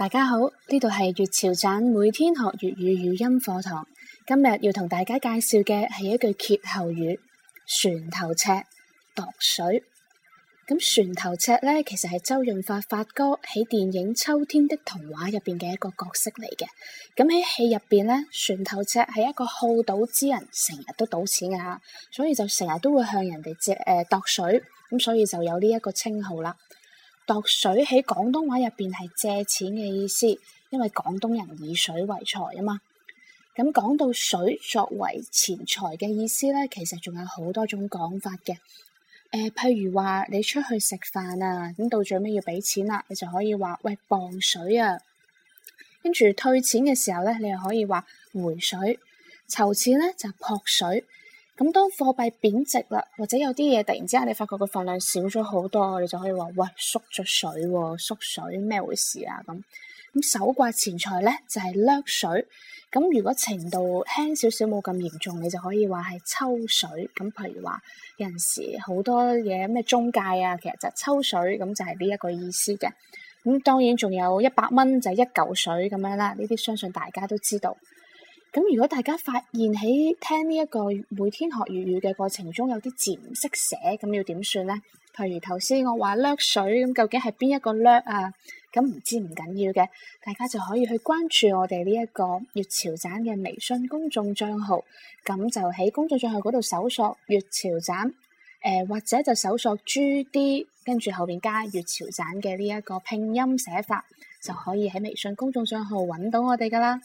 大家好，呢度係粵潮盞每天學粵語語音課堂。今日要同大家介紹嘅係一句歇後語：船頭尺，度水。咁船頭尺呢，其實係周潤發發哥喺電影《秋天的童話》入邊嘅一個角色嚟嘅。咁喺戲入邊呢，船頭尺係一個好賭之人，成日都賭錢嘅、啊、吓，所以就成日都會向人哋借誒度水，咁所以就有呢一個稱號啦。度水喺廣東話入邊係借錢嘅意思，因為廣東人以水為財啊嘛。咁講到水作為錢財嘅意思咧，其實仲有好多種講法嘅。誒、呃，譬如話你出去食飯啊，咁到最尾要俾錢啦，你就可以話，喂，磅水啊。跟住退錢嘅時候咧，你又可以話回水。籌錢咧就撲水。咁當貨幣貶值啦，或者有啲嘢突然之間你發覺個份量少咗好多，你就可以話：喂，縮咗水喎，縮水咩回事啊？咁咁手掛錢財咧就係、是、掠水，咁如果程度輕少少冇咁嚴重，你就可以話係抽水。咁譬如話有陣時好多嘢咩中介啊，其實就抽水，咁就係呢一個意思嘅。咁當然仲有一百蚊就係一嚿水咁樣啦，呢啲相信大家都知道。咁如果大家發現喺聽呢一個每天學粵語嘅過程中有啲字唔識寫，咁要點算咧？譬如頭先我話度水，咁究竟係邊一個度啊？咁唔知唔緊要嘅，大家就可以去關注我哋呢一個粵潮盞嘅微信公眾帳號，咁就喺公眾帳號嗰度搜索粵潮盞，誒、呃、或者就搜索 G D，跟住後面加粵潮盞嘅呢一個拼音寫法，就可以喺微信公眾帳號揾到我哋噶啦。